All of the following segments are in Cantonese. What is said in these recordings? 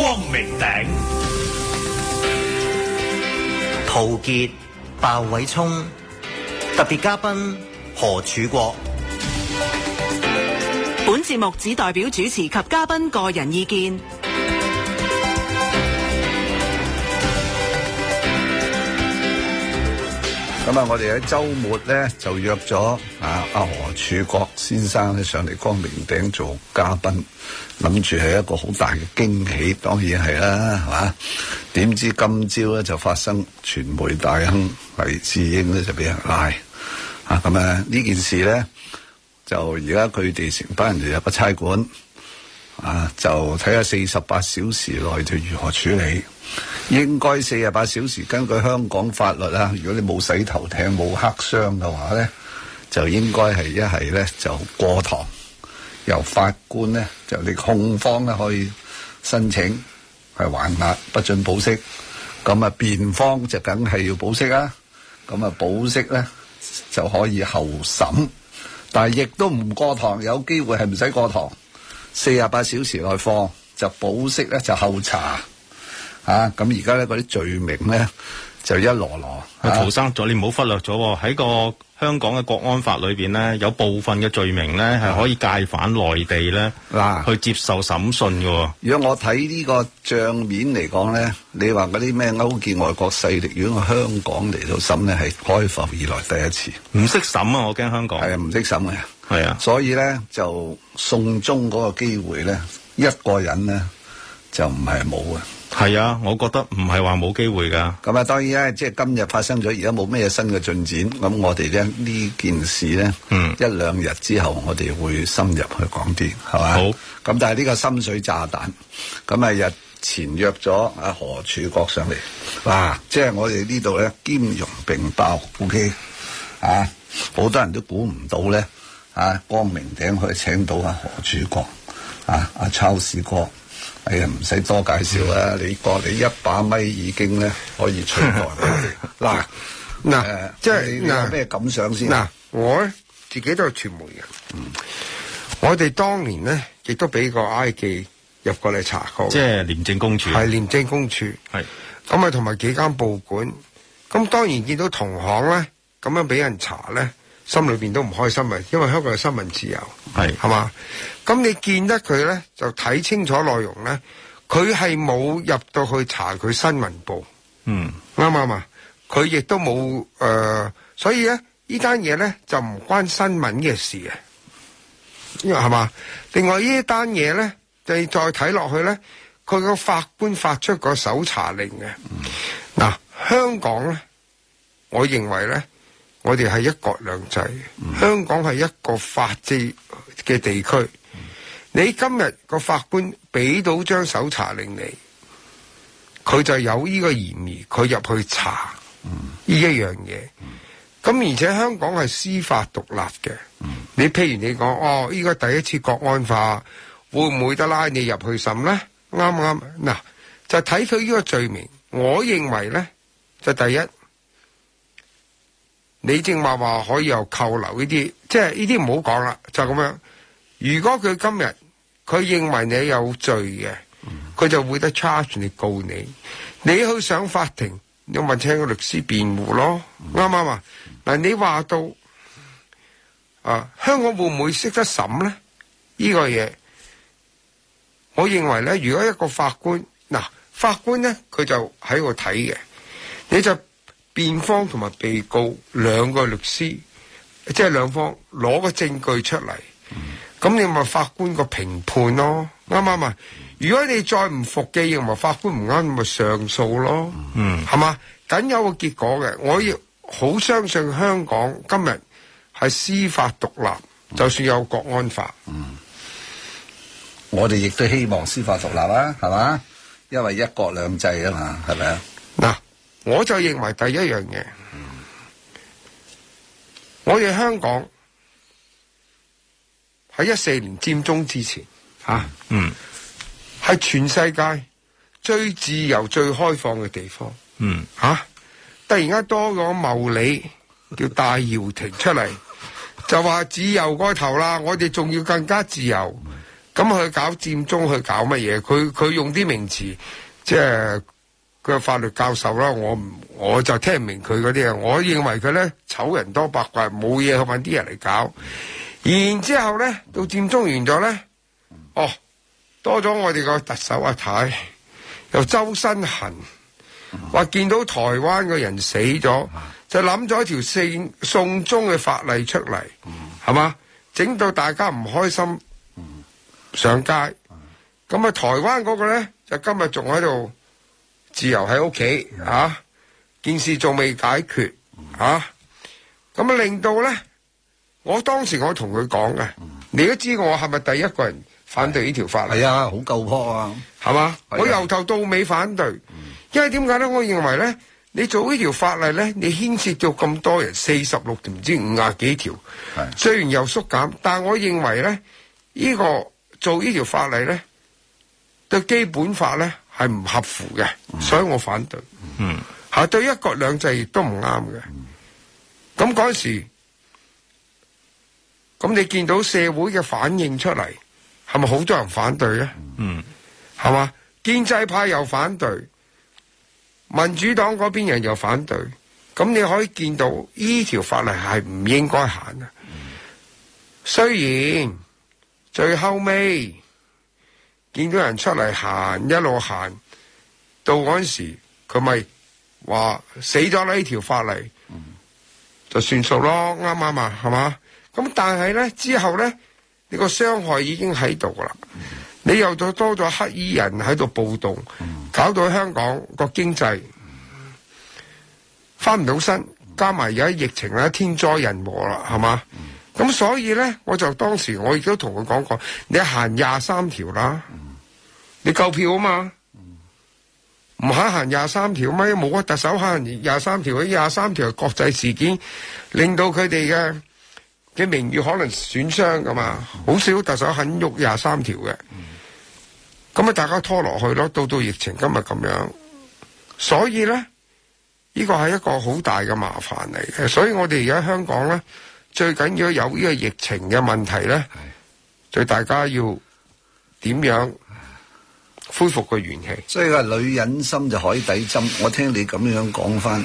光明頂，陶傑、鮑偉聰，特別嘉賓何柱國。本節目只代表主持及嘉賓個人意見。咁啊，我哋喺周末咧，就約咗啊阿何柱國先生咧，上嚟《光明頂》做嘉賓，諗住係一個好大嘅驚喜，當然係啦，係嘛？點知今朝咧，就發生傳媒大亨黎智英咧，就俾人拉啊。咁啊呢件事咧，就而家佢哋成班人就入個差館啊，就睇下四十八小時內就如何處理。應該四十八小時根據香港法律啦。如果你冇洗頭艇冇黑箱嘅話咧，就應該係一係咧就過堂，由法官咧就你控方咧可以申請係還押不准保釋，咁啊辯方就梗係要保釋啦。咁啊保釋咧就可以候審，但係亦都唔過堂，有機會係唔使過堂，四十八小時內放就保釋咧就候查。羅羅啊！咁而家咧嗰啲罪名咧就一籮籮。陶生，咗，你唔好忽略咗喺個香港嘅國安法裏邊咧，有部分嘅罪名咧係可以解返內地咧，嗱去接受審訊喎。如果我睇呢個賬面嚟講咧，你話嗰啲咩勾結外國勢力，如果香港嚟到審咧，係開埠以來第一次唔識審啊！我驚香港係啊，唔識審嘅，係啊，所以咧就送中嗰個機會咧，一個人咧就唔係冇嘅。係啊，我覺得唔係話冇機會噶。咁啊，當然啦，即係今日發生咗，而家冇咩新嘅進展。咁我哋咧呢件事咧，嗯，一兩日之後我哋會深入去講啲，係嘛？好。咁但係呢個深水炸彈，咁啊日前約咗阿何柱國上嚟，嗱，即係我哋呢度咧兼容並包。OK，啊，好多人都估唔到咧，啊，光明頂可以請到，啊、何柱國，啊，阿邱市哥。哎呀，唔使多介紹啦，嗯，你過嚟一把咪已經咧可以取代啦。嗱嗱，即係有咩感想先？嗱，我自己都係傳媒嘅，嗯，我哋當年咧亦都俾個 I 記入過嚟查過，即係廉政公署，係廉政公署，咁啊，同埋幾間報館，咁當然見到同行咧咁樣俾人查咧。心裏邊都唔開心啊，因為香港有新聞自由，係係嘛。咁你見得佢咧，就睇清楚內容咧，佢係冇入到去查佢新聞部，嗯，啱唔啱啊？佢亦都冇誒，所以咧，這呢單嘢，咧就唔關新聞嘅事啊，因為係嘛。另外這一呢單嘢咧，就再睇落去咧，佢個法官發出個搜查令嘅，嗱、嗯啊，香港咧，我認為咧。我哋係一國兩制，嗯，香港係一個法治嘅地區，嗯。你今日個法官俾到張搜查令你，佢就有呢個嫌疑，佢入去查呢、嗯、一樣嘢。咁、嗯、而且香港係司法獨立嘅、嗯。你譬如你講哦，呢個第一次國安法會唔會得拉你入去審咧？啱唔啱？嗱，就睇佢呢個罪名。我認為咧，就第一。你正話話可以又扣留呢啲，即係呢啲唔好講啦，就咁、是、樣。如果佢今日佢認為你有罪嘅，佢就會得 charge 你告你。你去上法庭，你問請個律師辯護咯，啱啱啊？嗱、嗯，你話到啊，香港會唔會識得審呢？呢、這個嘢，我認為咧，如果一個法官，嗱法官咧，佢就喺度睇嘅，你就。辯方同埋被告兩個律師，即係兩方攞個證據出嚟，咁、嗯、你咪法官個評判咯，啱唔啱啊？如果你再唔服嘅，認為法官唔啱，咪上訴咯，嗯，係嘛？梗有個結果嘅，我亦好相信香港今日係司法獨立、嗯，就算有國安法，嗯，我哋亦都希望司法獨立啊，係嘛？因為一國兩制啊嘛，係咪啊？嗱。我就認為第一樣嘢，我哋香港喺一四年佔中之前，吓、啊，係全世界最自由、最開放嘅地方。吓、啊，突然間多咗茂利，叫戴耀廷出嚟，就話自由過頭啦，我哋仲要更加自由。咁去搞佔中，去搞乜嘢？佢佢用啲名詞，即係。佢法律教授啦，我我就聽唔明佢嗰啲嘢，我認為佢咧醜人多百怪，冇嘢去搵啲人嚟搞。然之後咧，到佔中完咗咧，哦，多咗我哋個特首阿太，又周身痕，話見到台灣嘅人死咗，就諗咗一條送中嘅法例出嚟，係嘛，整到大家唔開心，上街。咁啊，台灣嗰個咧就今日仲喺度。自由喺屋企啊！件事仲未解決啊！咁、嗯、啊，令到咧，我當時我同佢講嘅，你都知我係咪第一個人反對呢條法例啊，好夠坡啊，係嘛？我由頭到尾反對，因為點解咧？我認為咧，你做呢條法例咧，你牽涉咗咁多人，四十六定唔知五廿幾條，雖然又縮減，但我認為咧，呢個做呢條法例咧，對基本法咧。係唔合乎嘅，所以我反對。係對一國兩制亦都唔啱嘅。咁嗰時，咁你見到社會嘅反應出嚟，係咪好多人反對咧？係嘛，建制派又反對，民主黨嗰邊人又反對。咁你可以見到呢條法例係唔應該行啊。雖然最後尾。見到人出嚟行，一路行到嗰陣時，佢咪話死咗呢條法例就算數咯，啱啱啊？係嘛？咁但係咧之後咧，你個傷害已經喺度噶啦，你又再多咗黑衣人喺度暴動，搞到香港個經濟翻唔到身，加埋而家疫情咧天災人禍啦，係嘛？咁、嗯、所以咧，我就當時我亦都同佢講過，你行廿三條啦。你夠票啊嘛，唔肯行廿三條咪冇乜特首行廿三條，廿三條係國際事件令到佢哋嘅嘅名譽可能損傷噶嘛，好少特首肯喐廿三條嘅。咁、嗯、啊，大家拖落去咯，到到疫情今日咁樣，所以咧呢個係一個好大嘅麻煩嚟嘅。所以我哋而家香港咧最緊要有呢個疫情嘅問題咧，對大家要點樣？恢復個元氣，所以話女人心就海底針。我聽你咁樣講翻，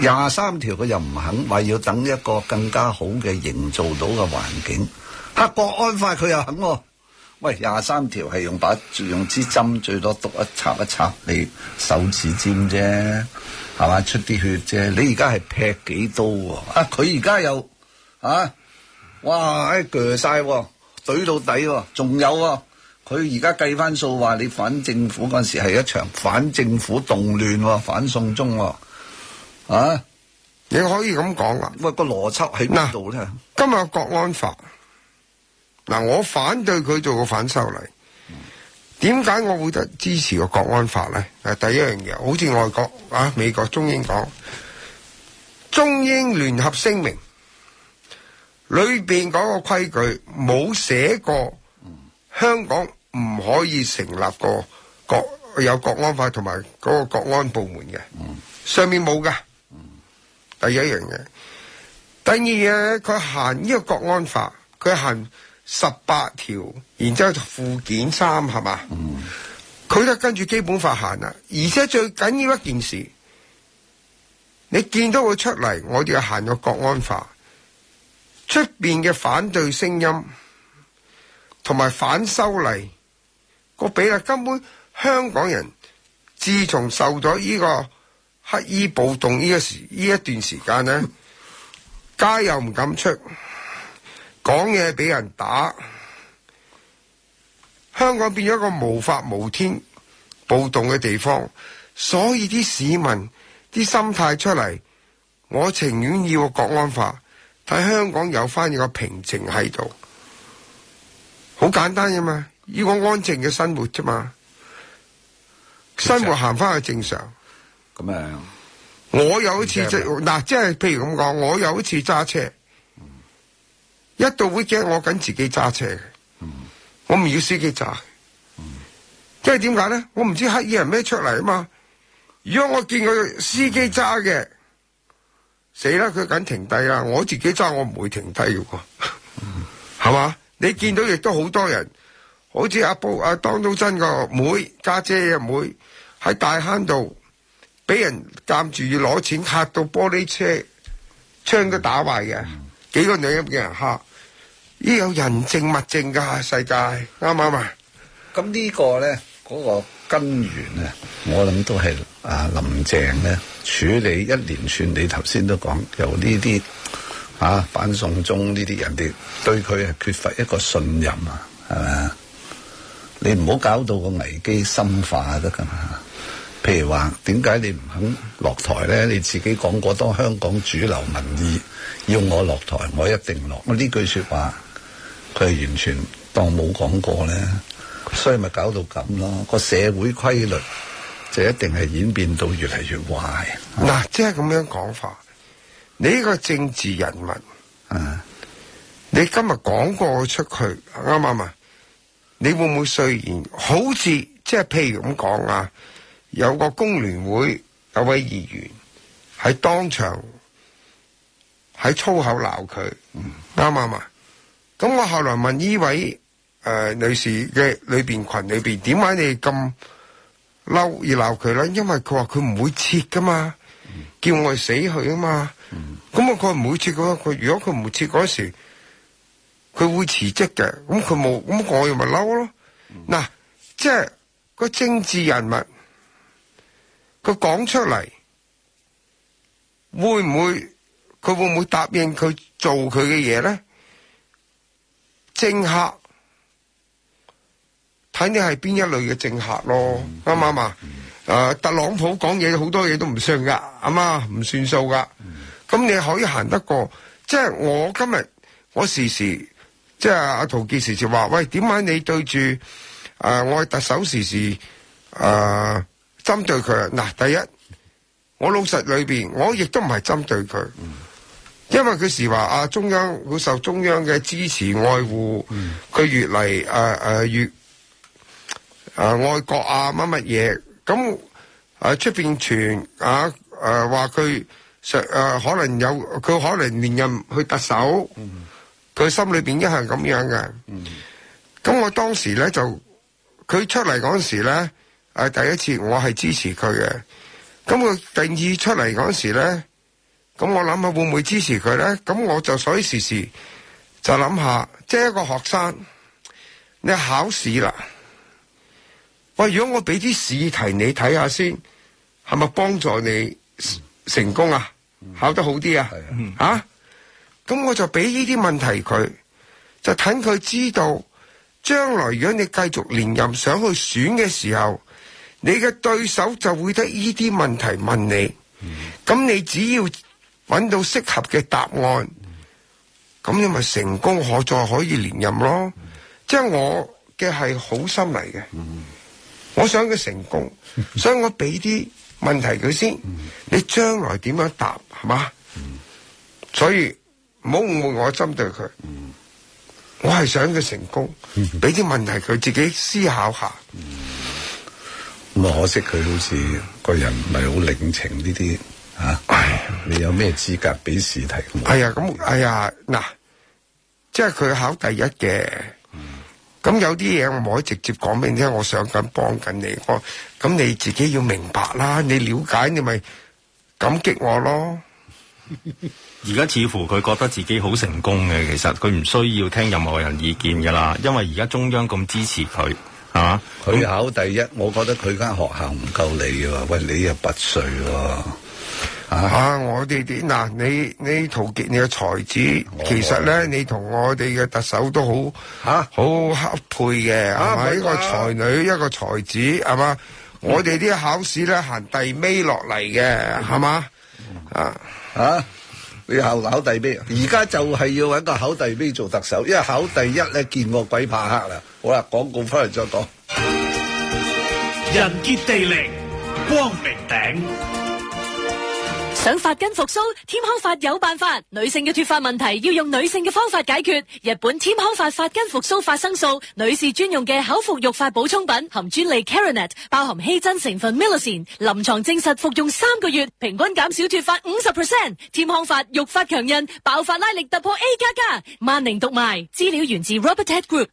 廿三條佢又唔肯，話要等一個更加好嘅營造到嘅環境。黑、啊、國安法，佢又肯喎、啊，喂，廿三條係用把用支針最多讀，一刷一刷，毒一插一插你手指尖啫，係嘛，出啲血啫。你而家係劈幾刀啊？佢而家又啊，哇，鋸晒懟到底、啊，仲有啊！佢而家計翻數，話你反政府嗰陣時係一場反政府動亂，反送中啊！你可以咁講啦，喂，個邏輯喺邊度咧？今日國安法，嗱，我反對佢做個反修例，點解我會得支持個國安法咧？誒，第一樣嘢，好似外國啊，美國、中英講，中英聯合聲明裏邊嗰個規矩冇寫過。香港唔可以成立個國有國安法同埋嗰個國安部門嘅、嗯，上面冇噶、嗯。第一樣嘢，第二嘢，佢行呢個國安法，佢行十八條，然之後就附件三係嘛？佢、嗯、就跟住基本法行啦。而且最緊要一件事，你見到佢出嚟，我哋要行個國安法，出邊嘅反對聲音。同埋反修例，嗰個比例根本香港人自從受咗呢個黑衣暴動呢一時呢一段時間呢街又唔敢出，講嘢俾人打，香港變咗一個無法無天暴動嘅地方，所以啲市民啲心態出嚟，我情願要個國安法，睇香港有返呢個平靜喺度。好簡單嘅嘛，要個安靜嘅生活啫嘛，生活行翻去正常。咁啊，我有一次即嗱，即係譬如咁講，我有一次揸車，嗯，一度會驚我緊自己揸車嘅，嗯，我唔要司機揸。即係點解咧？我唔知黑衣人咩出嚟啊嘛。如果我見佢司機揸嘅，死，嗯，啦！佢緊停低啦，我自己揸我唔會停低嘅，係，嗯，嘛？ 你見到亦都好多人，好似阿布阿當都真個妹家姐嘅妹喺大坑度，俾人站住要攞錢，嚇到玻璃車窗都打壞嘅，幾個女人嘅人嚇，呢有人證物證㗎世界，啱唔啱啊？咁呢個咧嗰個根源啊，我諗都係啊林鄭咧處理一連串，你頭先都講有呢啲。啊！反送中呢啲人哋對佢係缺乏一個信任啊，係咪你唔好搞到個危機深化得噶嘛？譬如話，點解你唔肯落台咧？你自己講過，當香港主流民意要我落台，我一定落。我呢句說話，佢係完全當冇講過咧，所以咪搞到咁咯。個社會規律就一定係演變到越嚟越壞。嗱，啊，即係咁樣講法。你呢個政治人物，啊、uh -huh.！你今日講過出去，啱唔啱啊？你會唔會雖然好似，即係譬如咁講啊？有個工聯會有位議員喺當場喺粗口鬧佢，啱唔啱啊？咁、uh -huh. 我後來問呢位誒、呃、女士嘅裏邊群裏邊，點解你咁嬲而鬧佢咧？因為佢話佢唔會撤噶嘛，uh -huh. 叫我死去啊嘛。咁、嗯嗯、啊！佢每次嗰佢如果佢唔撤嗰時，佢會辭職嘅。咁佢冇，咁我又咪嬲咯？嗱，即係個政治人物，佢講出嚟會唔會？佢會唔會答應佢做佢嘅嘢咧？政客睇你係邊一類嘅政客咯，啱唔啱啊？誒、嗯呃，特朗普講嘢好多嘢都唔信噶，啱啱唔算數噶。嗯咁你可以行得過，即係我今日我時時，即係阿陶傑時時話：喂，點解你對住啊、呃、我特首時時啊針、呃、對佢？嗱，第一，我老實裏邊，我亦都唔係針對佢、嗯，因為佢時話啊中央會受中央嘅支持愛護，佢、嗯、越嚟誒誒越誒、呃、愛國啊乜乜嘢，咁喺出邊傳啊誒話佢。呃誒，可能有佢可能連任去特首，佢、mm -hmm. 心裏邊一向咁樣嘅。咁、mm -hmm. 我當時咧就佢出嚟嗰時咧，誒第一次我係支持佢嘅。咁佢第二次出嚟嗰時咧，咁我諗下會唔會支持佢咧？咁我就所以時時就諗下，即、就、係、是、一個學生，你考試啦，喂，如果我俾啲試題你睇下先，係咪幫助你？Mm -hmm. 成功啊，嗯、考得好啲啊，吓、啊，咁、啊、我就俾呢啲問題佢，就等佢知道將來如果你繼續連任，想去選嘅時候，你嘅對手就會得呢啲問題問你，咁、嗯、你只要揾到適合嘅答案，咁、嗯、你咪成功可再可以連任咯。即、嗯、係、就是、我嘅係好心嚟嘅、嗯，我想佢成功， 所以我俾啲。問題佢先，嗯、你將來點樣答係嘛、嗯？所以唔好誤會我針對佢、嗯，我係想佢成功，俾、嗯、啲問題佢自己思考下。咁、嗯、啊，可惜佢好似個人唔係好領情呢啲吓，你有咩資格俾試題？係啊，咁哎呀，嗱，即係佢考第一嘅。咁有啲嘢我唔可以直接講俾你聽，我想緊幫緊你，我咁你自己要明白啦，你了解你咪感激我咯。而家似乎佢覺得自己好成功嘅，其實佢唔需要聽任何人意見噶啦，因為而家中央咁支持佢，係嘛？佢考第一，我覺得佢間學校唔夠你喎，喂，你又拔萃喎。啊，啊！我哋啲嗱，你你陶傑，你個才子，其實咧，你同我哋嘅特首都好，吓好恰配嘅，係、啊、咪？一個才女，啊、一個才子，係嘛、嗯？我哋啲考試咧行第尾落嚟嘅，係、嗯、嘛？啊啊！你後考，考第尾，而家就係要搵個考第尾做特首，因為考第一咧見過鬼怕黑啦。好啦，廣告翻嚟再講。人傑地靈，光明頂。想髮根復蘇，添康髮有辦法。女性嘅脫髮問題要用女性嘅方法解決。日本添康髮髮根復蘇髮生素，女士專用嘅口服育髮補充品，含專利 Keranet 包含稀珍成分 Milsin，臨床證實服用三個月，平均減少脫髮五十 percent。添康髮育髮強韌，爆髮拉力突破 A 加加。萬寧獨賣，資料源自 Robertet Group。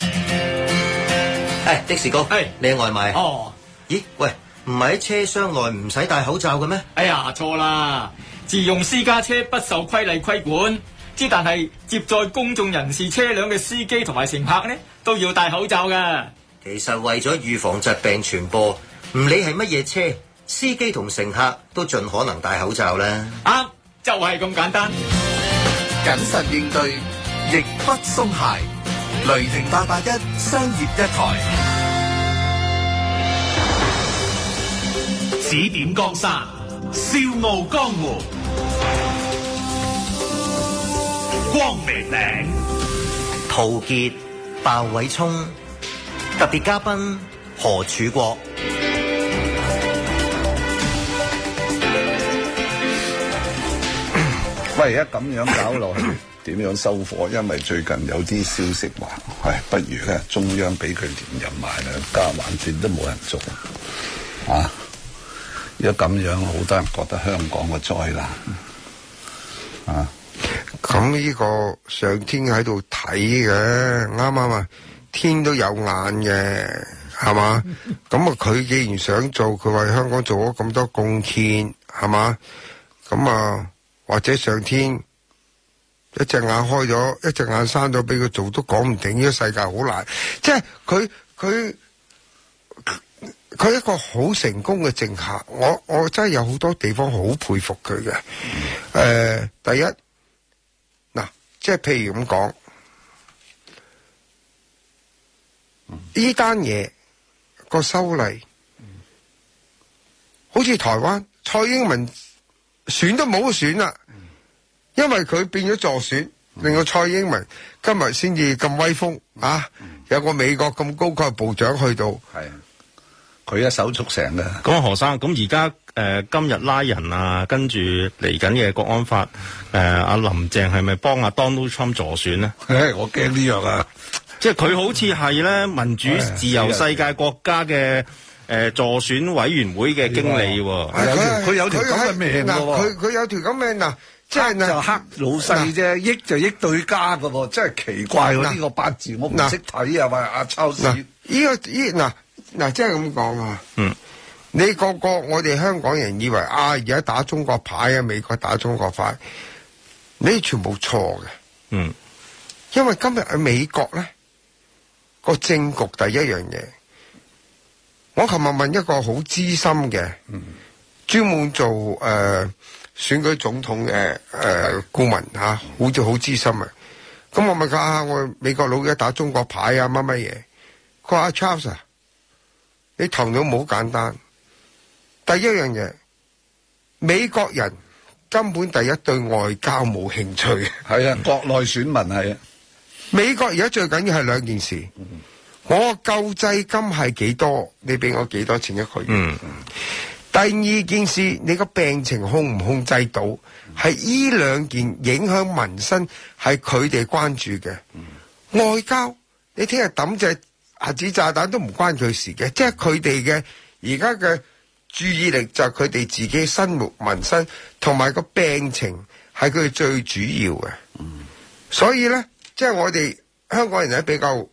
係、hey, 的士哥，係、hey. 你外賣。哦、oh.，咦，喂。唔係喺車廂內唔使戴口罩嘅咩？哎呀，錯啦！自用私家車不受規例規管，之但係接載公眾人士車輛嘅司機同埋乘客呢，都要戴口罩噶。其實為咗預防疾病傳播，唔理係乜嘢車，司機同乘客都盡可能戴口罩啦。啊，就係咁簡單。謹慎應對，亦不鬆懈。雷霆八八一，商業一台。指點江山，笑傲江湖。光明頂，陶傑、鮑偉聰，特別嘉賓何柱國。喂，而家咁樣搞落去，點 樣收貨？因為最近有啲消息話，喂，不如咧中央俾佢連任埋啦，橫掂都冇人做啊！如果咁樣，好多人覺得香港個災難啊！咁呢個上天喺度睇嘅，啱啱啊，天都有眼嘅，係嘛？咁啊，佢既然想做，佢為香港做咗咁多貢獻，係嘛？咁啊，或者上天一隻眼開咗，一隻眼閂咗，俾佢做都講唔定。呢個世界好難，即係佢佢。佢一個好成功嘅政客，我我真係有好多地方好佩服佢嘅。誒、嗯呃，第一嗱，即係譬如咁講，呢單嘢個修例，嗯、好似台灣蔡英文選都冇選啦、嗯，因為佢變咗助選，嗯、令到蔡英文今日先至咁威風啊、嗯！有個美國咁高級嘅部長去到，係。佢一手促成嘅。咁何生，咁而家誒今日拉人啊，跟住嚟緊嘅國安法，誒、呃、阿林鄭係咪幫阿 Donald Trump 助選呢、欸、我驚呢樣啊！即係佢好似係咧民主自由世界國家嘅誒助選委員會嘅經理喎，啊啊啊啊啊、有條佢、呃、有條咁嘅命喎，佢佢有條咁嘅嗱，即係就黑老細啫、呃呃，益就益對家㗎喎。真係奇怪喎！呢、呃呢個八字我，唔識睇啊！喂、呃，阿秋子，呢個嗱。呃呃嗱，即係咁講啊！嗯，你個個我哋香港人以為啊，而家打中國牌啊，美國打中國牌，你全部錯嘅。嗯，因為今日喺美國咧，個政局第一樣嘢，我琴日問一個好資深嘅，專、嗯、門做誒、呃、選舉總統嘅誒顧問吓，好似好資深啊。咁我問下我美國佬嘅打中國牌啊，乜乜嘢？佢話阿 Charles 啊。你頭腦冇好簡單，第一樣嘢，美國人根本第一對外交冇興趣。係啊，國內選民係啊。美國而家最緊要係兩件事，我救濟金係幾多？你俾我幾多錢一個月？嗯。第二件事，你個病情控唔控制到？係呢兩件影響民生，係佢哋關注嘅。外交，你聽日抌咗。核子炸彈都唔關佢事嘅，即係佢哋嘅而家嘅注意力就係佢哋自己生活民生同埋個病情係佢哋最主要嘅。嗯，所以咧，即係我哋香港人咧比較誒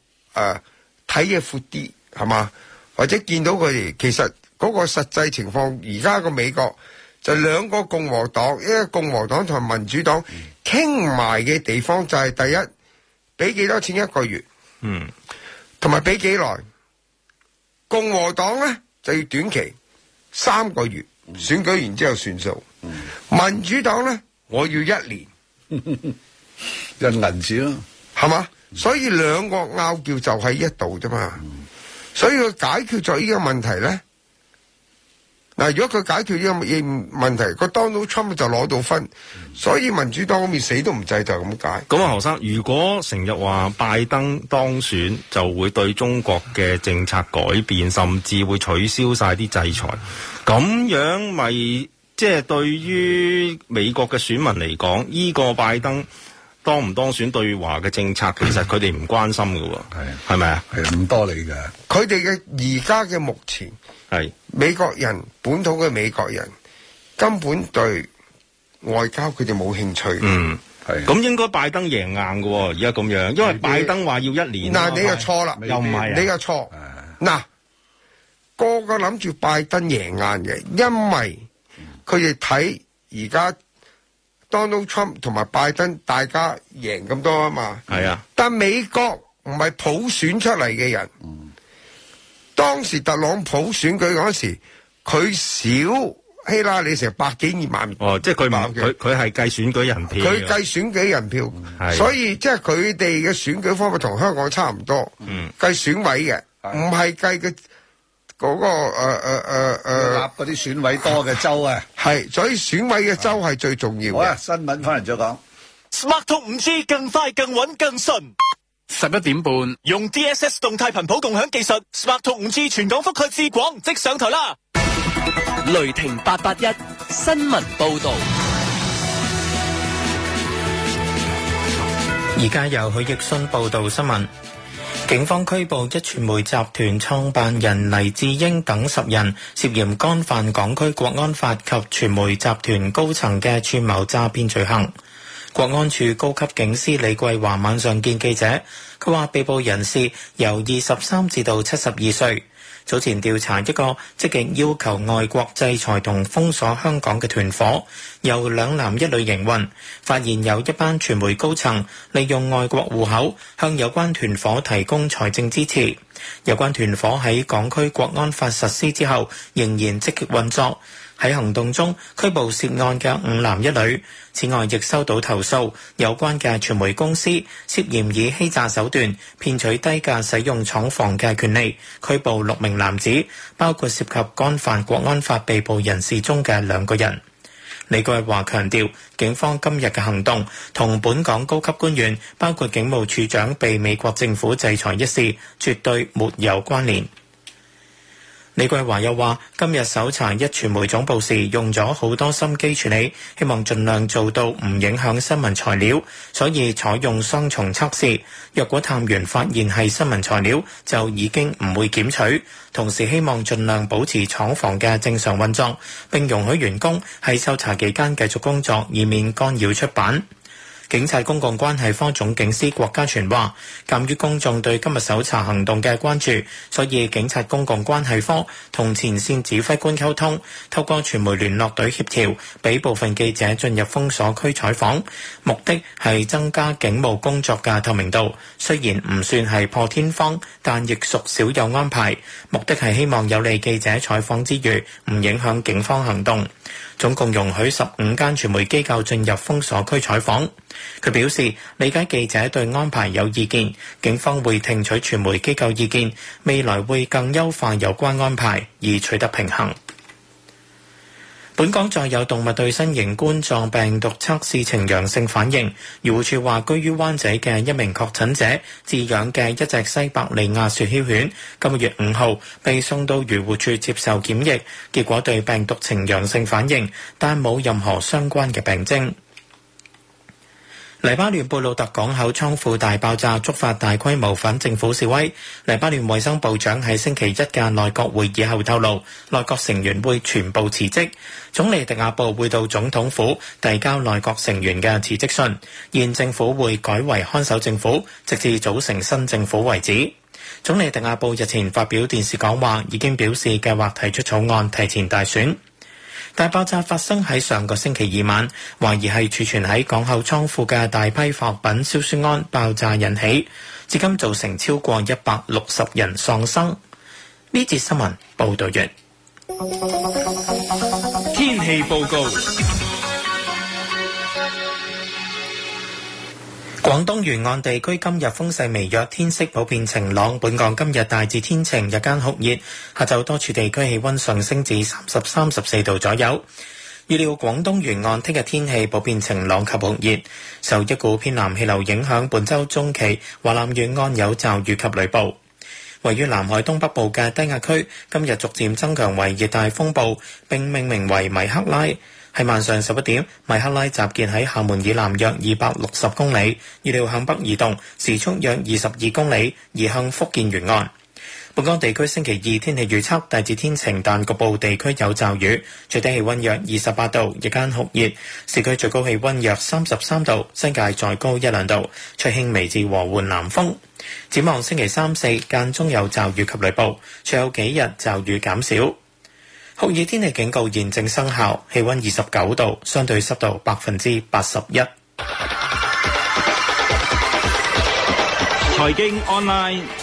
睇嘢闊啲，係、呃、嘛？或者見到佢哋其實嗰個實際情況，而家個美國就兩個共和黨，一個共和黨同民主黨傾埋嘅地方就係第一，俾幾多錢一個月？嗯。同埋俾幾耐？共和黨咧就要短期三個月，選舉完之後算數、嗯。民主黨咧，我要一年。印銀紙咯，係嘛？所以兩個拗撬就喺一度啫嘛。所以佢解決咗呢個問題咧。嗱，如果佢解決呢個嘢問題，佢 Donald Trump 就攞到分、嗯，所以民主黨嗰面死都唔制就咁、是、解。咁、嗯、啊，何、嗯、生，如果成日話拜登當選就會對中國嘅政策改變，甚至會取消晒啲制裁，咁樣咪即係對於美國嘅選民嚟講，依、呢個拜登當唔當選對華嘅政策，其實佢哋唔關心嘅喎，係咪啊？係咁多嚟嘅，佢哋嘅而家嘅目前。係美國人本土嘅美國人，根本對外交佢哋冇興趣。嗯，係啊。咁應該拜登贏硬㗎喎，而家咁樣，因為拜登話要一年。嗱，你又錯啦，又唔係啊，你又錯。嗱啊，個個諗住拜登贏硬嘅，因為佢哋睇而家 Donald Trump 同埋拜登大家贏咁多啊嘛。係啊。但美國唔係普選出嚟嘅人。嗯。當時特朗普選舉嗰時，佢少希拉里成百幾二萬。哦，即係佢佢佢係計選舉人票。佢計選舉人票，嗯啊、所以即係佢哋嘅選舉方法同香港差唔多。嗯，計選委嘅，唔係計嘅嗰個誒誒誒誒，嗰、呃、啲、呃呃、選委多嘅州啊。係， 所以選委嘅州係最重要嘅、啊啊。新聞翻嚟再講，Smart 通 5G 更快、更穩、更順。十一點半，用 DSS 動態頻譜共享技術，八套五 G 全港覆蓋至廣，即上台啦！雷霆八八一新聞報道，而家由許易迅報道新聞。警方拘捕一傳媒集團創辦人黎智英等十人，涉嫌干犯港區國安法及傳媒集團高層嘅串謀詐騙罪行。國安處高級警司李桂華晚上見記者，佢話被捕人士由二十三至到七十二歲。早前調查一個積極要求外國制裁同封鎖香港嘅團夥，由兩男一女營運，發現有一班傳媒高層利用外國戶口向有關團夥提供財政支持。有關團夥喺港區國安法實施之後，仍然積極運作。喺行動中拘捕涉案嘅五男一女。此外，亦收到投訴，有關嘅傳媒公司涉嫌以欺詐手段騙取低價使用廠房嘅權利。拘捕六名男子，包括涉及干犯國安法被捕人士中嘅兩個人。李桂華強調，警方今日嘅行動同本港高級官員，包括警務處長被美國政府制裁一事，絕對沒有關聯。李桂華又話：今日搜查一傳媒總部時，用咗好多心機處理，希望盡量做到唔影響新聞材料，所以採用雙重測試。若果探員發現係新聞材料，就已經唔會檢取。同時希望盡量保持廠房嘅正常運作，並容許員工喺搜查期間繼續工作，以免干擾出版。警察公共關係科總警司郭嘉銓話，鑒於公眾對今日搜查行動嘅關注，所以警察公共關係科同前線指揮官溝通，透過傳媒聯絡隊協調，俾部分記者進入封鎖區採訪，目的係增加警務工作嘅透明度。雖然唔算係破天荒，但亦屬少有安排。目的係希望有利記者採訪之餘，唔影響警方行動。總共容許十五間傳媒機構進入封鎖區採訪。佢表示理解記者對安排有意見，警方會聽取傳媒機構意見，未來會更優化有關安排，以取得平衡。本港再有動物對新型冠狀病毒測試呈陽性反應。漁護署話，居於灣仔嘅一名確診者飼養嘅一隻西伯利亞雪橇犬，今個月五號被送到漁護署接受檢疫，結果對病毒呈陽性反應，但冇任何相關嘅病徵。黎巴嫩貝魯特港口倉庫大爆炸觸發大規模反政府示威。黎巴嫩衛生部長喺星期一嘅內閣會議後透露，內閣成員會全部辭職。總理迪亞布會到總統府遞交內閣成員嘅辭職信，現政府會改為看守政府，直至組成新政府為止。總理迪亞布日前發表電視講話，已經表示計劃提出草案，提前大選。大爆炸發生喺上個星期二晚，懷疑係儲存喺港口倉庫嘅大批化學品硝酸銨爆炸引起，至今造成超過一百六十人喪生。呢節新聞報導完，天氣報告。廣東沿岸地區今日風勢微弱，天色普遍晴朗。本港今日大致天晴，日間酷熱，下晝多處地區氣溫上升至三十三、十四度左右。預料廣東沿岸聽日天氣普遍晴朗及酷熱，受一股偏南氣流影響，本周中期華南沿岸有驟雨及雷暴。位於南海東北部嘅低壓區，今日逐漸增強為熱帶風暴，並命名為米克拉。係晚上十一點，米克拉集結喺廈門以南約二百六十公里，預料向北移動，時速約二十二公里，移向福建沿岸。本港地區星期二天氣預測大致天晴，但局部地區有驟雨，最低氣温約二十八度，日間酷熱，市區最高氣温約三十三度，新界再高一兩度，吹輕微至和緩南風。展望星期三四間中有驟雨及雷暴，隨後幾日驟雨減少。酷熱天氣警告現正生效，氣溫二十九度，相對濕度百分之八十一。財經 online。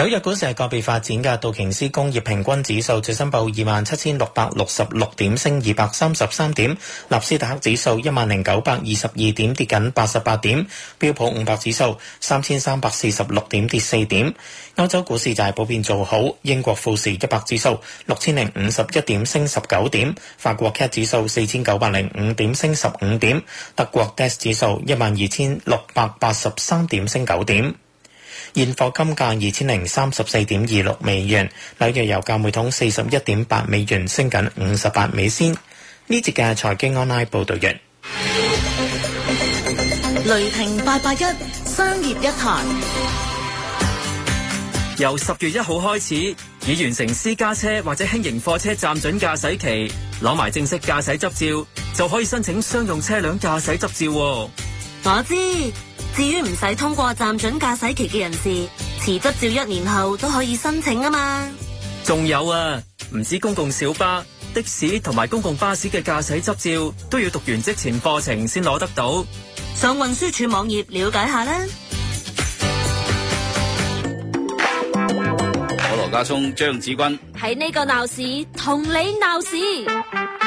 紐約股市係個別發展嘅，道瓊斯工業平均指數最新報二萬七千六百六十六點，升二百三十三點；納斯達克指數一萬零九百二十二點，跌緊八十八點；標普五百指數三千三百四十六點，跌四點。歐洲股市就係普遍做好，英國富時一百指數六千零五十一點，升十九點；法國 CAC 指數四千九百零五點，升十五點；德國 Dax 指數一萬二千六百八十三點，升九點。現貨金價二千零三十四點二六美元，紐約油價每桶四十一點八美元，升緊五十八美仙。呢節嘅財經 online 報道完，雷霆八八一商業一台。由十月一號開始，已完成私家車或者輕型貨車暫准駕駛期，攞埋正式駕駛執照，就可以申請商用車輛駕駛執照。我知。至於唔使通過暫准駕駛期嘅人士，持執照一年後都可以申請啊嘛。仲有啊，唔止公共小巴、的士同埋公共巴士嘅駕駛執照都要讀完職前課程先攞得到。上運輸署網頁了解下啦。我羅家聰、張子君喺呢個鬧市，同你鬧市。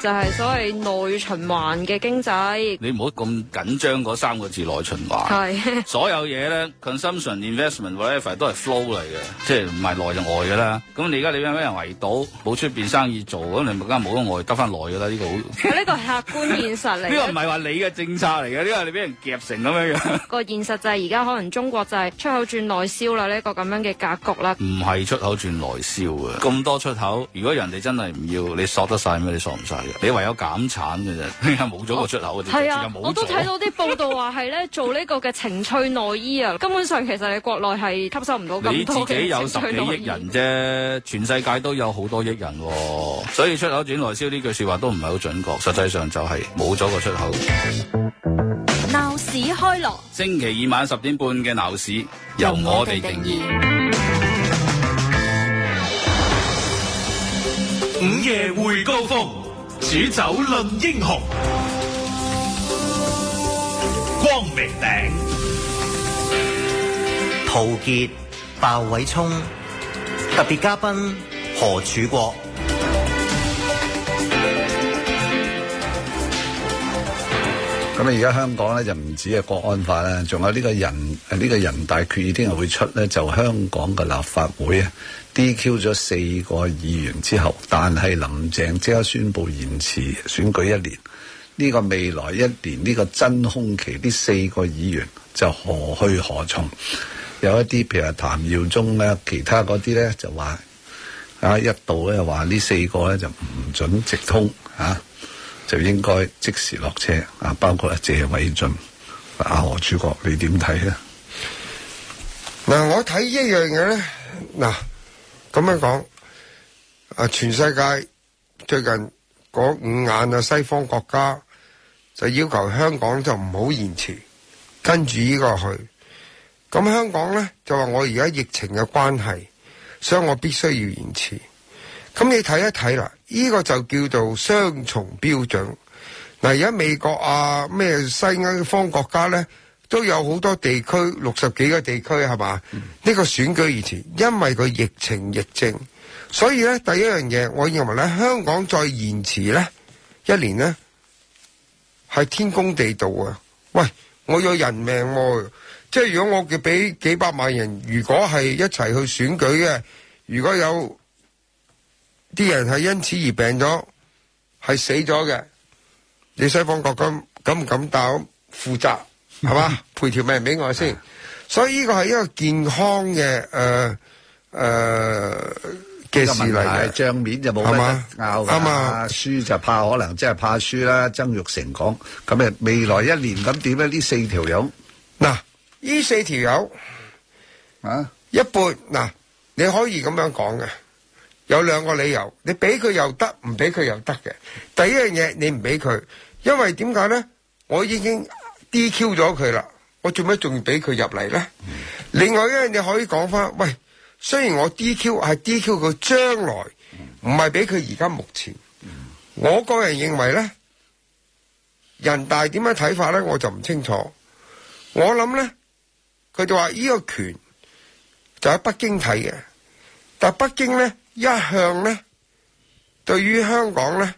就係、是、所謂內循環嘅經濟，你唔好咁緊張嗰三個字內循環。係。 所有嘢咧，consumption investment whatever 都係 flow 嚟嘅，即係唔係內就外㗎啦。咁你而家你俾人圍到，冇出邊生意做，咁你咪家冇得外，得翻內㗎啦。呢、這個好，呢 個客觀現實嚟。呢個唔係話你嘅政策嚟嘅，呢個係你俾人夾成咁樣樣。個 現實就係而家可能中國就係出口轉內銷啦呢個個咁樣嘅格局啦。唔係出口轉內銷嘅，咁多出口，如果人哋真係唔要，你索得晒咩？你索唔晒？你唯有減產嘅啫，冇咗個出口。係、哦、啊，我都睇到啲報道話係咧，做呢個嘅情趣內衣啊， 根本上其實你國內係吸收唔到咁多。你自己有十幾億人啫， 全世界都有好多億人、哦，所以出口轉內銷呢句說話都唔係好準確。實際上就係冇咗個出口。鬧市開鑼，星期二晚十點半嘅鬧市由我哋定義。午夜匯高峰。煮酒論英雄，光明頂，陶傑、鮑偉聰，特別嘉賓何柱國。咁而家香港咧就唔止係《國安法》啦，仲有呢個人呢、呢個人大決議聽日會出咧，就香港嘅立法會啊，DQ 咗四個議員之後，但係林鄭即刻宣布延遲選舉一年。呢、呢個未來一年呢、呢個真空期，呢四個議員就何去何從？有一啲譬如啊，譚耀宗咧，其他嗰啲咧就話啊，一度咧話呢四個咧就唔準直通就應該即時落車啊！包括阿謝偉俊、阿何柱國。你點睇咧？嗱，我睇一樣嘢咧，嗱咁樣講啊！全世界最近嗰五眼啊，西方國家就要求香港就唔好延遲，跟住呢個去。咁香港咧就話我而家疫情嘅關係，所以我必須要延遲。咁你睇一睇啦，呢、這個就叫做雙重標準。嗱，而家美國啊，咩西歐方國家呢，都有好多地區六十幾個地區係嘛，呢、嗯這個選舉以前，因為佢疫情疫症，所以呢，第一樣嘢，我認為呢，香港再延遲呢，一年呢，係天公地道啊！喂，我有人命、啊，即係如果我嘅俾幾百萬人，如果係一齊去選舉嘅，如果有。啲人係因此而病咗，係死咗嘅。你西方國家敢唔敢擔負責，係嘛？賠 條命俾我先。 所以呢個係一個健康嘅誒誒嘅事嚟嘅。賬、這個、面就冇嘛？啊嘛，輸就怕可能即係怕輸啦。曾玉成講咁誒，未來一年咁點咧？呢四條友嗱，呢、啊、四條友啊，一半嗱、啊，你可以咁樣講嘅。有兩個理由，你俾佢又得，唔俾佢又得嘅。第一樣嘢，你唔俾佢，因為點解咧？我已經 DQ 咗佢啦，我做咩仲要俾佢入嚟咧？嗯。另外一樣你可以講翻，喂，雖然我 DQ 係 DQ 佢將來，唔係俾佢而家目前。我個人認為咧，人大點樣睇法咧，我就唔清楚。我諗咧，佢就話呢個權就喺北京睇嘅，但係北京咧。一向咧，對於香港咧，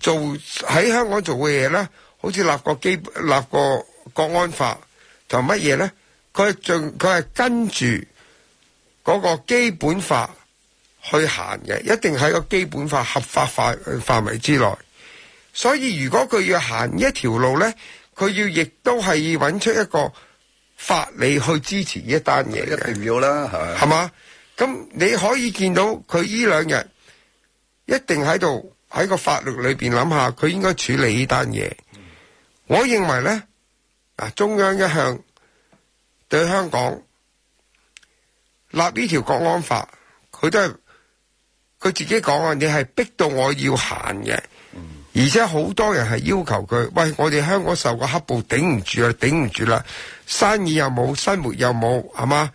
做喺香港做嘅嘢咧，好似立個基立個國安法同乜嘢咧？佢仲佢係跟住嗰個基本法去行嘅，一定喺個基本法合法範範圍之內。所以如果佢要行一條路咧，佢要亦都係要搵出一個法理去支持呢一單嘢，一定要啦，係嘛？是吧咁你可以見到佢呢兩日一定喺度喺個法律裏邊諗下佢應該處理呢單嘢。我認為咧，啊中央一向對香港立呢條國安法，佢都係佢自己講啊，你係逼到我要行嘅，而且好多人係要求佢，喂，我哋香港受個黑暴頂唔住啦，頂唔住啦，生意又冇，生活又冇，係嘛？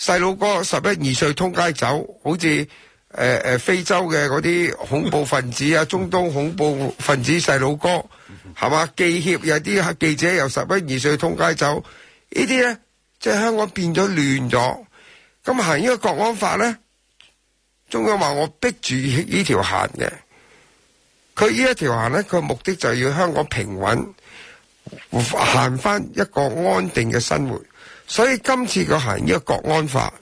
細佬哥十一二歲通街走，好似誒誒非洲嘅嗰啲恐怖分子啊， 中東恐怖分子細佬哥，係嘛？記協有啲記者由十一二歲通街走，呢啲咧即係香港變咗亂咗。咁行呢個國安法咧，中央話我逼住呢條行嘅，佢呢一條行咧，佢目的就係要香港平穩行翻一個安定嘅生活。所以今次佢行呢個國安法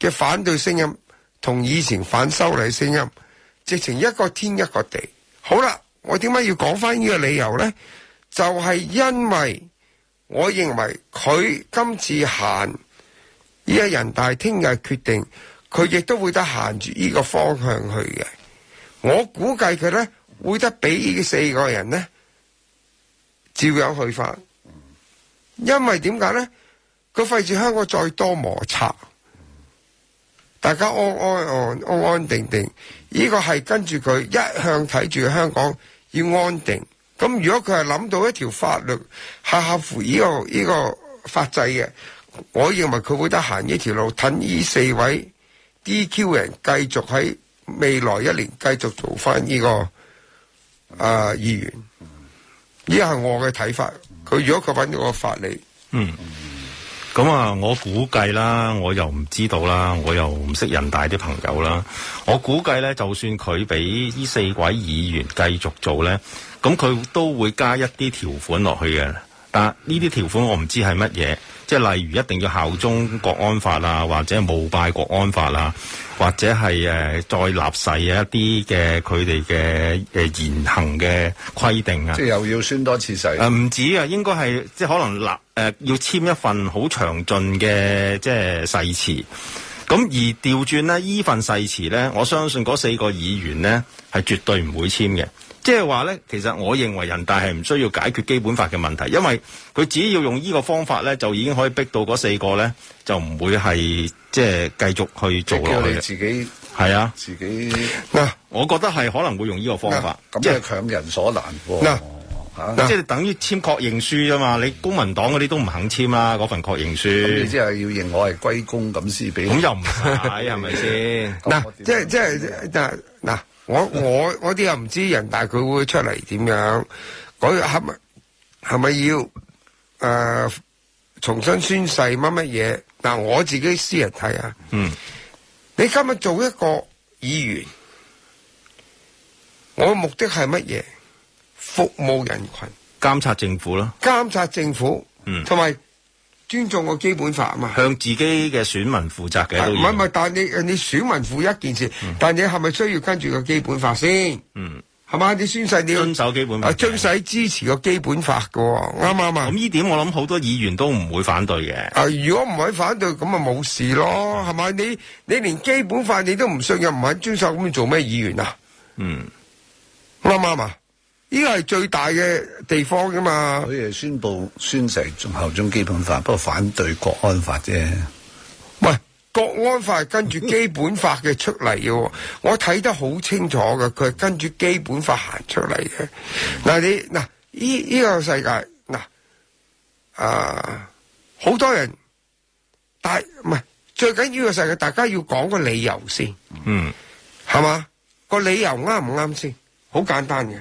嘅反對聲音，同以前反修例聲音，直情一個天一個地。好啦，我點解要講翻呢個理由咧？就係因為我認為佢今次行呢個人大聽日嘅決定，佢亦都會得行住呢個方向去嘅。我估計佢咧會得俾呢四個人咧，照樣去返，因為點解咧？都費事香港再多摩擦，大家安安安安安定定，呢、這個係跟住佢一向睇住香港要安定。咁如果佢係諗到一條法律合乎呢、這個呢、這個法制嘅，我認為佢會得行呢條路，等呢四位 DQ 人繼續喺未來一年繼續做翻呢、這個啊、呃、議員。呢個係我嘅睇法。佢如果佢揾到個法理，嗯。咁啊，我估計啦，我又唔知道啦，我又唔識人大啲朋友啦。我估計咧，就算佢畀呢四位議員繼續做咧，咁佢都會加一啲條款落去嘅。但呢啲條款我唔知係乜嘢，即係例如一定要效忠國安法啊，或者膜拜國安法啦，或者係、呃、再立誓一啲嘅佢哋嘅誒言行嘅規定啊。即係又要宣多次誓。唔、呃、止啊，應該係即係可能立誒、呃、要簽一份好詳盡嘅即係誓詞。咁而調轉呢，呢份誓詞咧，我相信嗰四個議員咧係絕對唔會簽嘅。即係話咧，其實我認為人大係唔需要解決基本法嘅問題，因為佢只要用呢個方法咧，就已經可以逼到嗰四個咧，就唔會係即係繼續去做落去。即係叫你自己係啊，自己嗱，我覺得係可能會用呢個方法，咁即係強人所難過。嗱、就是，吓、哦，即、啊、係等於簽確認書啫嘛，你公民黨嗰啲都唔肯簽啦、啊，嗰份確認書。咁你即係要認我係歸公咁先俾。咁又唔使係咪先？嗱， 即係即係，但嗱。就是就是我我我啲又唔知人，但佢會出嚟點樣？佢係咪係咪要誒、呃、重新宣誓乜乜嘢？但我自己私人睇啊。嗯。你今日做一個議員，我目的係乜嘢？服務人群，監察政府啦。監察政府。同、嗯、埋。尊重個基本法啊嘛，向自己嘅選民負責嘅，唔係唔係，但你你選民負一件事，嗯、但你係咪需要跟住個基本法先？嗯，係嘛？你宣誓你要遵守基本法，啊，宣誓支持個基本法嘅、哦，啱唔啱啊？咁呢點我諗好多議員都唔會反對嘅。啊，如果唔係反對，咁啊冇事咯，係、嗯、咪？你你連基本法你都唔信任、唔肯遵守，咁你做咩議員啊？嗯，啱唔啱啊？呢個係最大嘅地方噶嘛。佢係宣布宣誓仲效忠基本法，不過反對國安法啫。喂，國安法係跟住基本法嘅出嚟嘅， 我睇得好清楚嘅，佢係跟住基本法行出嚟嘅。嗱 你嗱，呢依、呢個世界嗱，啊，好、呃、多人，但唔係最緊要個世界，大家要講個理由先。嗯，係嘛？個理由啱唔啱先？好簡單嘅。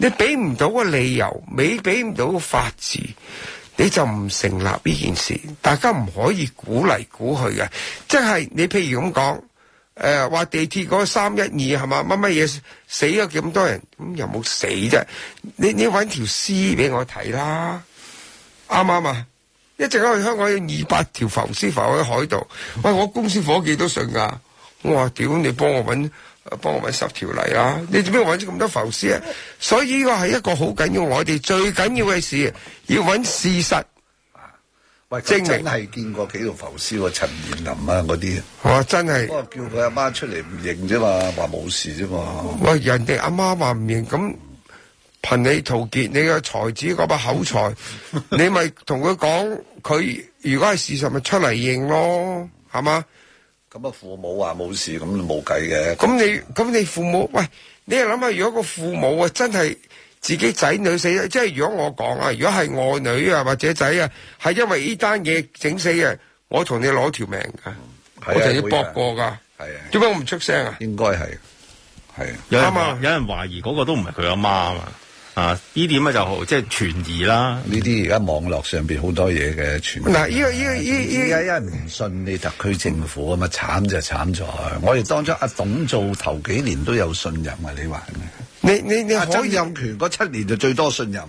你俾唔到個理由，你俾唔到法治，你就唔成立呢件事。大家唔可以估嚟估去嘅，即係你譬如咁講，誒、呃、話地鐵嗰三一二係嘛乜乜嘢死咗咁多人，咁又冇死啫。你你揾條屍俾我睇啦，啱唔啱啊？一陣間香港有二百條浮屍浮喺海度，喂，我公司伙計都信啊，我話屌你幫我搵。幫我揾十條嚟啦、啊！你做咩揾咗咁多浮屍啊？所以呢個係一個好緊要，我哋最緊要嘅事，要揾事實。喂，明真係見過幾條浮屍喎、啊，陳彥霖啊嗰啲、啊。我真係，不過叫佢阿媽，媽出嚟唔認啫嘛，話冇事啫嘛。喂，人哋阿媽話唔認，咁憑你陶傑你嘅才子嗰把口才， 你咪同佢講，佢如果係事實，咪出嚟認咯，係嘛？咁父母啊，冇事，咁冇計嘅。咁你咁你父母，喂，你又諗下，如果個父母啊真係自己仔女死咗，即係如果我講啊，如果係我女啊或者仔啊，係因為呢單嘢整死啊，我同你攞條命噶，嗯，我就要搏過噶。係啊。點解我唔出聲啊？應該係，係。啱啊！有人懷疑嗰個都唔係佢阿媽啊嘛。啊！呢點啊就好，即係傳疑啦。呢啲而家網絡上邊好多嘢嘅傳。嗱、啊，呢、呢個呢、呢個呢呢，有、呢個、人唔信你特區政府，吖嘛，慘、嗯、就慘在、啊，我哋當初阿董做頭幾年都有信任啊，你話係咪？你你你，你可以任、啊、權嗰七年就最多信任。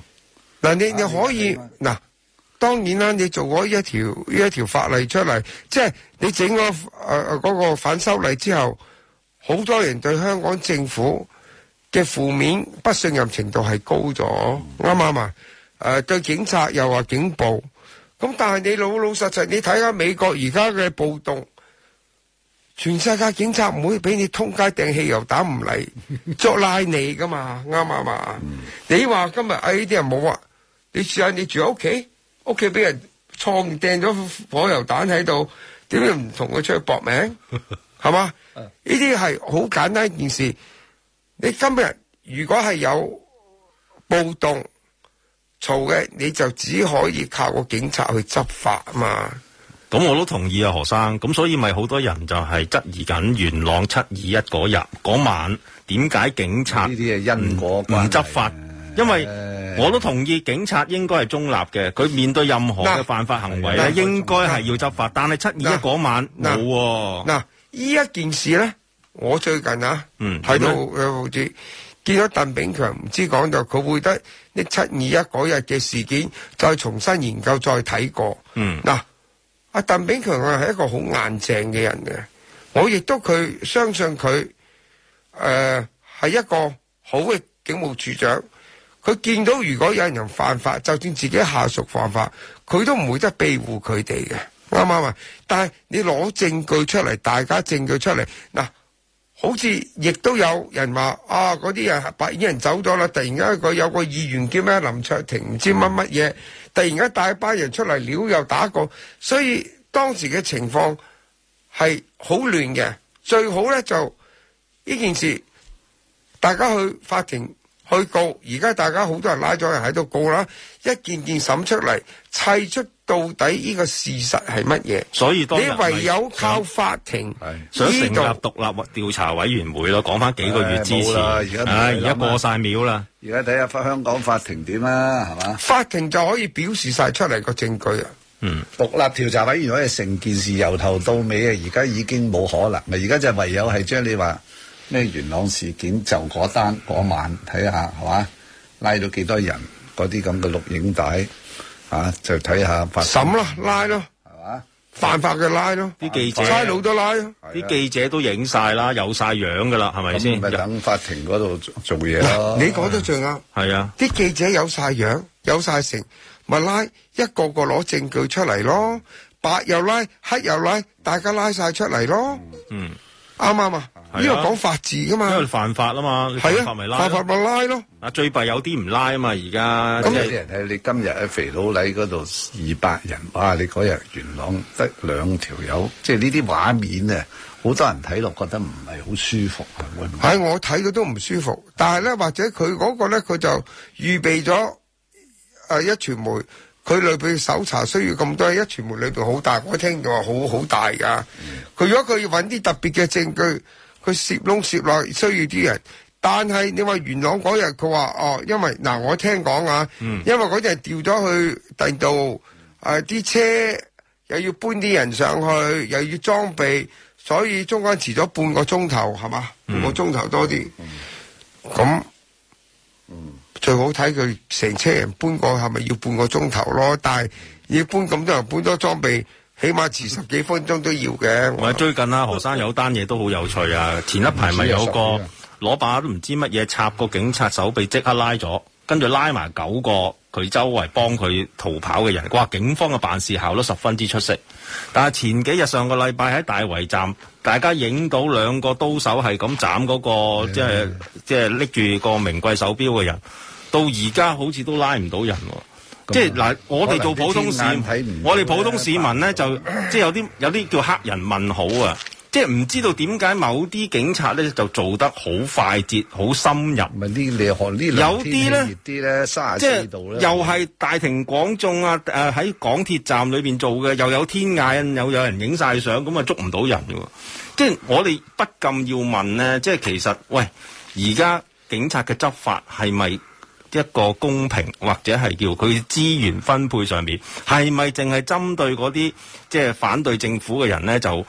嗱、啊，你你可以嗱、啊啊啊啊，當然啦，你做咗一條一條法例出嚟，即係你整個誒嗰個反修例之後，好多人對香港政府。嘅負面不信任程度係高咗，啱啱啊？誒、呃，對警察又話警暴，咁但係你老老實實，你睇下美國而家嘅暴動，全世界警察唔會俾你通街掟汽油彈唔嚟捉拉你噶嘛？啱啱、嗯哎、啊？你話今日誒呢啲人冇啊？你試下你住喺屋企，屋企俾人創掟咗火油彈喺度，點解唔同佢出去搏命？係 嘛是吧？呢啲係好簡單一件事。你今日如果係有暴動、嘈嘅，你就只可以靠個警察去執法嘛。咁我都同意啊，何生。咁所以咪好多人就係質疑緊元朗七二一嗰日嗰晚點解警察呢啲係因果唔執法？因為我都同意警察應該係中立嘅，佢面對任何嘅犯法行為咧，應該係要執法。但係七二一嗰晚冇嗱，依、啊、一件事咧。我最近啊，睇、嗯、到警好似見到鄧炳強，唔知講到佢會得呢七二一嗰日嘅事件再重新研究再睇過。嗯，嗱，阿鄧炳強啊係一個好硬正嘅人嘅，我亦都佢相信佢誒係一個好嘅警務處長。佢見到如果有人犯法，就算自己下屬犯法，佢都唔會得庇護佢哋嘅，啱唔啱啊？但係你攞證據出嚟，大家證據出嚟嗱。好似亦都有人話啊，嗰啲人白衣人走咗啦，突然間佢有個議員叫咩林卓廷，唔知乜乜嘢，突然間帶班人出嚟撩又打過，所以當時嘅情況係好亂嘅，最好咧就呢件事大家去法庭。去告，而家大家好多人拉咗人喺度告啦，一件件審出嚟，砌出到底呢個事實係乜嘢？所以當你唯有靠法庭想成立獨立調查委員會咯，講翻幾個月之前，唉、哎，而家、啊、過晒秒啦。而家睇下返香港法庭點啦，係嘛？法庭就可以表示晒出嚟個證據。嗯，獨立調查委員會成件事由頭到尾啊，而家已經冇可能。而家就唯有係將你話。咩元朗事件就嗰單嗰晚睇下係嘛，拉到幾多人？嗰啲咁嘅錄影帶啊，就睇下法。審啦，拉咯，係嘛？犯法嘅拉咯，啲記者。差佬都拉咯，啲記者都影晒啦，有晒樣噶啦，係咪先？咁咪等法庭嗰度做做嘢咯。你講得最啱，係啊！啲記者有晒樣，有晒聲，咪拉一個個攞證據出嚟咯，白又拉，黑又拉，大家拉晒出嚟咯，嗯，啱唔啱啊？呢個講法治噶嘛？因為犯法啦嘛，犯咪犯法咪拉咯。啊，最弊有啲唔拉啊嘛，而家、就是、有啲人睇你今日喺肥佬黎嗰度二百人，啊你嗰日元朗得兩條友，即係呢啲畫面啊，好多人睇落覺得唔係好舒服啊。係我睇到都唔舒服，但係咧，或者佢嗰個咧，佢就預備咗誒、啊、壹傳媒，佢裏面搜查，需要咁多壹傳媒裏邊好大，我聽到話好好大噶。佢、嗯、如果佢要揾啲特別嘅證據。佢攝窿攝落需要啲人，但係你話元朗嗰日佢話哦，因為嗱我聽講啊、嗯，因為嗰陣調咗去第二度，啊、呃、啲車又要搬啲人上去，又要裝備，所以中間遲咗半個鐘頭係嘛，半個鐘頭多啲，咁、嗯嗯嗯、最好睇佢成車人搬過係咪要半個鐘頭咯？但係要搬咁多人，搬多裝備。起碼遲十幾分鐘都要嘅。我最近啊，何生有單嘢都好有趣啊！前一排咪有個攞把都唔知乜嘢插個警察手臂，即刻拉咗，跟住拉埋九個佢周圍幫佢逃跑嘅人。哇！警方嘅辦事效率十分之出色。但係前幾日上個禮拜喺大圍站，大家影到兩個刀手係咁斬嗰個，即係即係拎住個名貴手錶嘅人，到而家好似都拉唔到人。即係嗱，我哋做普通市民，我哋普通市民咧就，就即係有啲有啲叫黑人問號啊！即係唔知道點解某啲警察咧就做得好快捷、好深入你有啊！呢兩行呢兩天氣熱啲咧，三十四度咧，又係大庭廣眾啊！誒喺港鐵站裏邊做嘅，又有天眼，又有人影晒相，咁啊捉唔到人嘅喎！即係我哋不禁要問咧，即係其實喂，而家警察嘅執法係咪？一個公平或者係叫佢資源分配上面係咪淨係針對嗰啲即係反對政府嘅人咧？就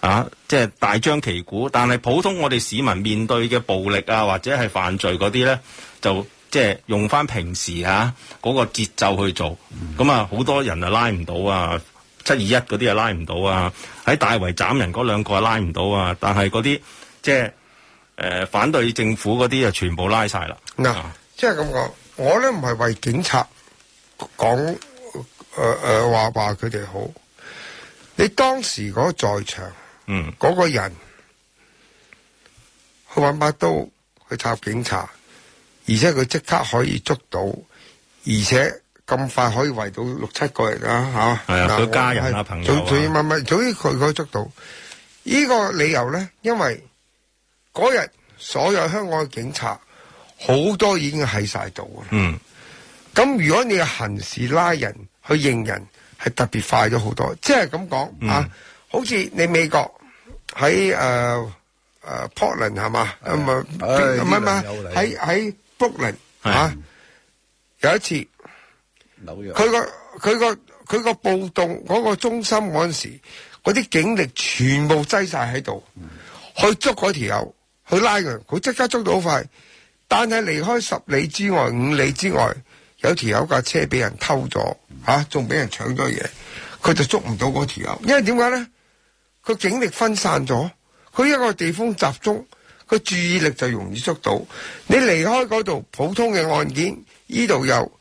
啊，即係大張旗鼓，但係普通我哋市民面對嘅暴力啊，或者係犯罪嗰啲咧，就即係用翻平時啊嗰、嗰個節奏去做，咁啊，好多人啊拉唔到啊，七二一嗰啲啊拉唔到啊，喺大圍斬人嗰兩個啊拉唔到啊，但係嗰啲即係誒、呃、反對政府嗰啲啊全部拉晒啦。No. 即係咁講，我咧唔係為警察講誒誒話話佢哋好。你當時嗰個在場，嗯，嗰、嗰個人去揾把刀去插警察，而且佢即刻可以捉到，而且咁快可以圍到六七個人啦吓。係啊，佢、家人啊、朋友啊，總總咪咪，總之佢可以捉到。呢、呢個理由咧，因為嗰日所有香港嘅警察。好多已經喺晒度啊！嗯，咁如果你嘅行事拉人去認人，係特別快咗好多。即係咁講啊，好似你美國喺誒誒 Portland 係嘛，咁啊咁啊嘛，喺喺 Brooklyn 吓，有一次紐約佢個佢個佢個暴動嗰個中心嗰陣時，嗰啲警力全部擠晒喺度，去捉嗰條友，去拉佢，佢即刻捉到好快。但係離開十里之外，五里之外，有條友架車俾人偷咗，吓仲俾人搶咗嘢，佢就捉唔到嗰條友，因為點解咧？佢警力分散咗，佢一個地方集中，佢注意力就容易捉到。你離開嗰度，普通嘅案件，呢度有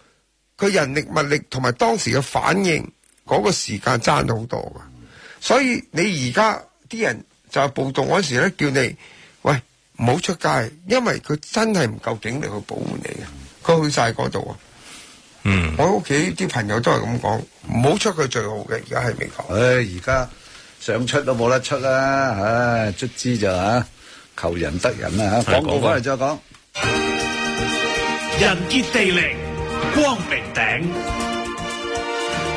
佢人力物力同埋當時嘅反應，嗰、那個時間爭咗好多噶。所以你而家啲人就係暴動嗰時咧，叫你。唔好出街，因為佢真係唔夠警力保護去保護你嘅，佢去晒嗰度啊。嗯，我屋企啲朋友都係咁講，唔好出佢最好嘅，而家係美國。唉、哎，而家想出都冇得出啦、啊，唉、哎，卒之就吓、啊、求仁得仁啦、啊、吓。廣告返嚟再講。人傑地靈，光明頂。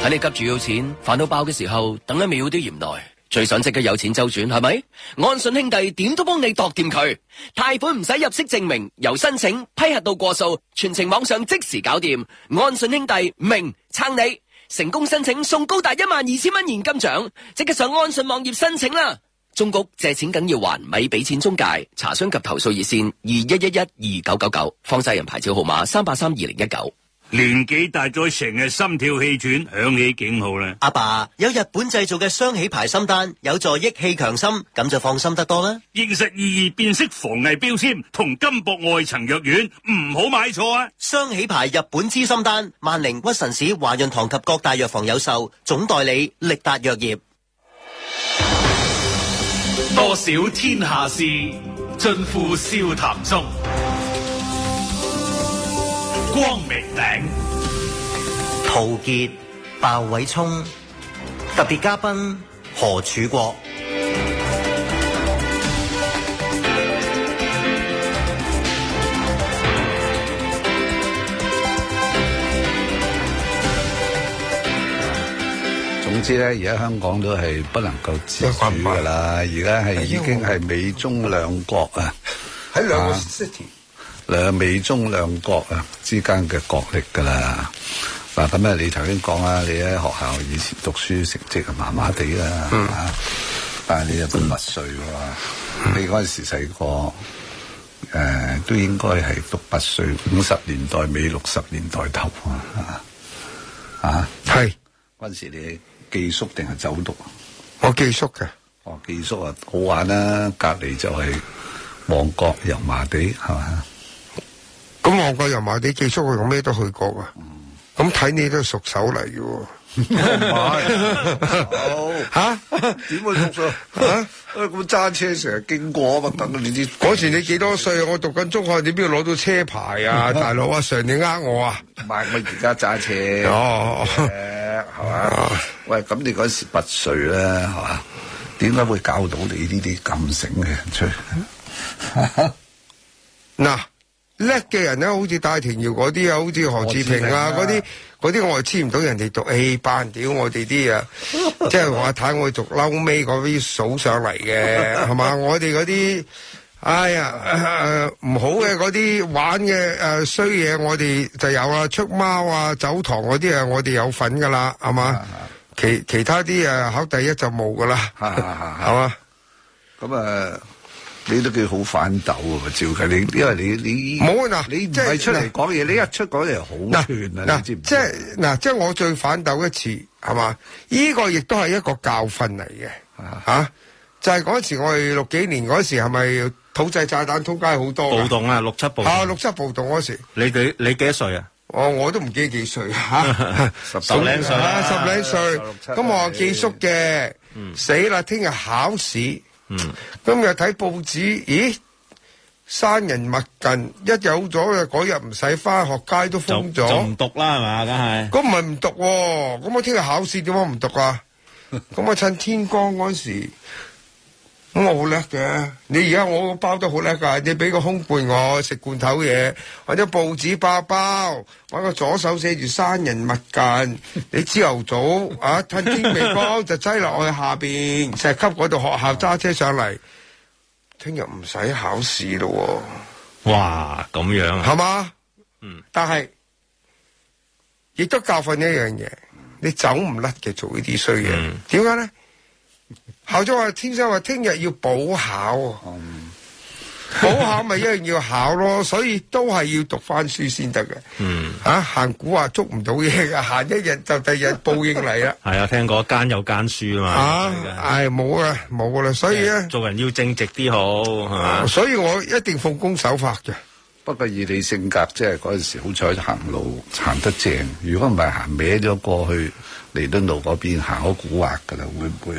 喺你急住要錢，煩到爆嘅時候，等一秒都嫌耐。最想即刻有錢周轉，係咪？安信兄弟點都幫你度掂佢，貸款唔使入息證明，由申請批核到過數，全程網上即時搞掂。安信兄弟明撐你，成功申請送高達一萬二千蚊現金獎，即刻上安信網頁申請啦。中局借錢緊要還，咪係俾錢中介。查詢及投訴熱線二一一一二九九九，12999, 方世人牌照號碼三八三二零一九。年紀大咗成日心跳氣喘，響起警號啦！阿爸，爸有日本製造嘅雙喜牌心丹，有助益氣強心，咁就放心得多啦。易識易辨識防偽標籤同金箔外層藥丸，唔好買錯啊！雙喜牌日本之心丹，萬寧、屈臣氏、華潤堂及各大藥房有售，總代理力達藥業。多少天下事，盡付笑談中。光明頂，陶傑、鮑偉聰，特別嘉賓何柱國。總之咧，而家香港都係不能夠自主噶啦，而家係已經係美中兩國啊，喺 兩個 兩美中兩國啊之間嘅角力噶啦，嗱咁啊，你頭先講啊，你喺學校以前讀書成績麻麻地啦，吓、嗯，但、啊、係你讀拔萃噶你嗰陣時細個誒都應該係讀拔萃，五十年代尾六十年代頭啊，啊係，嗰陣時你是寄宿定係走讀？我寄宿嘅，我、哦、寄宿啊好玩啦、啊，隔籬就係旺角油麻地，係嘛？咁我國人麻你寄宿我用咩都去過啊。咁睇你都熟手嚟嘅、哦 哦。唔係，吓？點會熟手？吓、啊？咁揸、啊哎、車成日經過啊嘛，等你。嗰、啊、時你幾多歲啊？我讀緊中學，點邊度攞到車牌啊？嗯、大佬啊，上年呃我啊？唔、啊、係，我而家揸車。哦，係嘛、啊？喂，咁你嗰時八歲啦，係嘛？點解會搞到你呢啲咁醒嘅人出嚟？嗱、嗯。哈哈啊叻嘅人咧，好似戴耀廷嗰啲啊，好似何志平啊，嗰啲嗰啲我係黐唔到人哋讀，哎、欸，班屌我哋啲啊， 即係我阿太會逐嬲尾嗰啲數上嚟嘅，係 嘛那些？ 我哋嗰啲，哎呀，唔、呃、好嘅嗰啲玩嘅誒衰嘢，呃、我哋就有啦，出貓啊，走堂嗰啲啊，我哋有份噶啦，係嘛？ 其其他啲啊，考第一就冇噶啦，係 嘛？ 咁啊、呃。你都幾好反斗啊？照計，你因為你你冇啊！嗱，你唔係出嚟講嘢，你一出講嘢好即係嗱，即係我最反斗一次係嘛？呢、這個亦都係一個教訓嚟嘅嚇，就係、是、嗰時我哋六幾年嗰時，係咪土製炸彈通街好多暴動啊？六七暴動啊！六七暴動嗰時，你幾你幾多歲啊？我、哦、我都唔記得幾歲嚇、啊啊 啊，十零歲，啊、十零歲。咁、啊啊啊、我寄宿嘅，死啦！聽日考試。嗯，今日睇報紙，咦，山人密近一有咗就嗰日唔使返學，街都封咗，咁唔讀啦嘛，梗係。咁唔係唔讀、哦，咁我聽日考試點解唔讀啊？咁 我趁天光嗰時。咁我好叻嘅，你而家我個包都好叻噶，你俾個空罐我食罐頭嘢，或者報紙包包，玩個左手寫住山人物件，你朝頭早 啊吞天微光 就擠落去下邊，成日吸嗰度學校揸車上嚟，聽日唔使考試咯，哦。哇，咁樣係、啊、嘛？嗯，但係亦都教訓呢一樣嘢，你走唔甩嘅做、嗯、呢啲衰嘢，點解咧？考咗話：天生話聽日要補考，補、嗯、考咪一樣要考咯， 所以都係要讀翻書先得嘅。吓、嗯啊、行蠱惑捉唔到嘢嘅，行一日就第二日報應嚟啦。係 啊，聽過奸有奸書啊嘛。唉，冇啊，冇啦、哎。所以咧，做人要正直啲好、啊。所以我一定奉公守法嘅。不過以你性格，即係嗰陣時好彩行路行得正，如果唔係行歪咗過去，彌敦路嗰邊行好蠱惑噶啦，會唔會？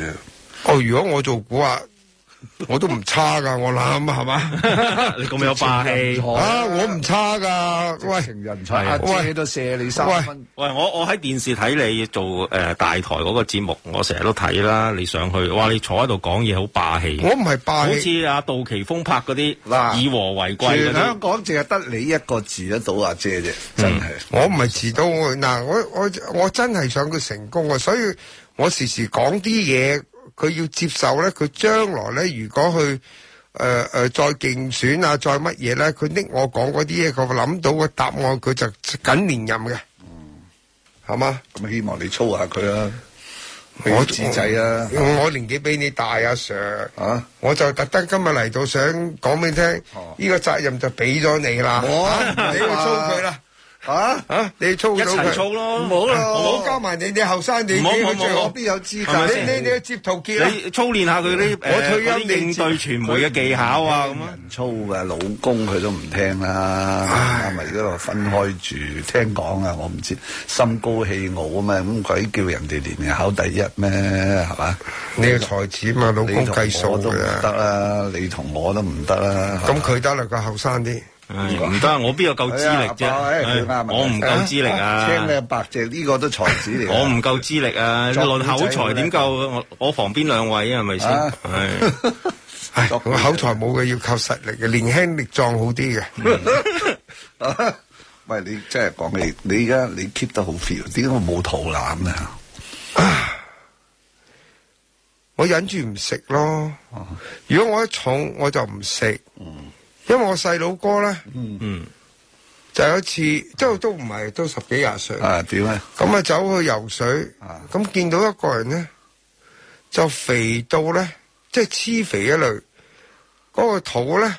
哦，如果我做估 是吧 啊，啊，我都唔差噶，我諗係嘛？你咁有霸氣啊！我唔差噶，喂，阿姐喺度射你三分喂，喂，喂，我我喺電視睇你做誒、呃、大台嗰個節目，我成日都睇啦。你上去，哇！你坐喺度講嘢好霸氣，我唔係霸氣，好似阿、啊、杜琪峰拍嗰啲嗱以和為貴全香港淨係得你一個字得到啊，姐啫，真係、嗯。我唔係持到我，嗱，我我我真係想佢成功啊！所以我時時講啲嘢。佢要接受咧，佢將來咧，如果去誒誒、呃呃、再競選啊，再乜嘢咧，佢拎我講嗰啲嘢，佢諗到個答案，佢就緊連任嘅，係、嗯、咪？咁、嗯、希望你操下佢啦，我自制啊，我年紀比你大啊，Sir 啊，我就特登今日嚟到想講俾你聽，呢、啊這個責任就俾咗你啦，啊啊、你去操佢啦。啊啊！你操到一齊操咯，唔好咯，唔好加埋你，你後生你唔好，我邊有資格？你你你接頭結，你操練下佢啲誒啲應對傳媒嘅技巧啊咁啊！操嘅老公佢都唔聽啦，咪喺度分開住。聽講啊，我唔知心高氣傲啊嘛，咁鬼叫人哋年年考第一咩？係嘛？你係才子嘛，老公計數都唔得啦，你同我都唔得啦。咁佢得啦，個後生啲。唔得，我邊有夠資歷啫？我唔夠資歷啊！青、啊、靚、啊、白淨呢、這個都才子嚟。我唔夠資歷啊！論口才點夠？我我旁邊兩位是是啊？係咪先？係我、哎、口才冇嘅，要靠實力嘅，年輕力壯好啲嘅、嗯 啊。喂，你真係講你，你而家你 keep 得好 feel，點解冇肚腩啊？嗯、 我忍住唔食咯。如果我一重，我就唔食。嗯因為我細佬哥咧，嗯嗯，就有一次，即係都唔係都，都十幾廿歲，啊點咧？咁啊走去游水，咁、啊、見到一個人咧，就肥到咧，即係黐肥一類，嗰、那個肚咧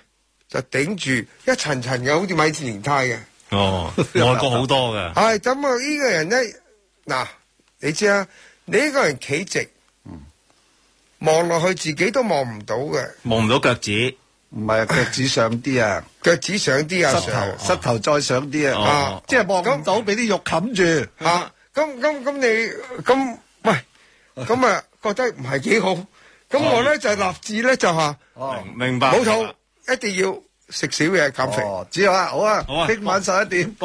就頂住一層層嘅，好似米字形態嘅。哦，外國好多嘅。係咁啊！呢個人咧，嗱，你知啊？你呢個人企直，望、嗯、落去自己都望唔到嘅，望唔到腳趾。唔係啊，腳趾上啲啊，腳 趾上啲啊，膝頭 Sir, 膝頭再上啲啊,啊,啊，啊，即係望唔到、啊，俾啲肉冚住，啊，咁咁咁你咁，喂，咁 啊覺得唔係幾好，咁我咧 就立志咧就話，哦，明白，好肚一定要食少嘢減肥，哦、只要啊，好啊，聽晚十一點。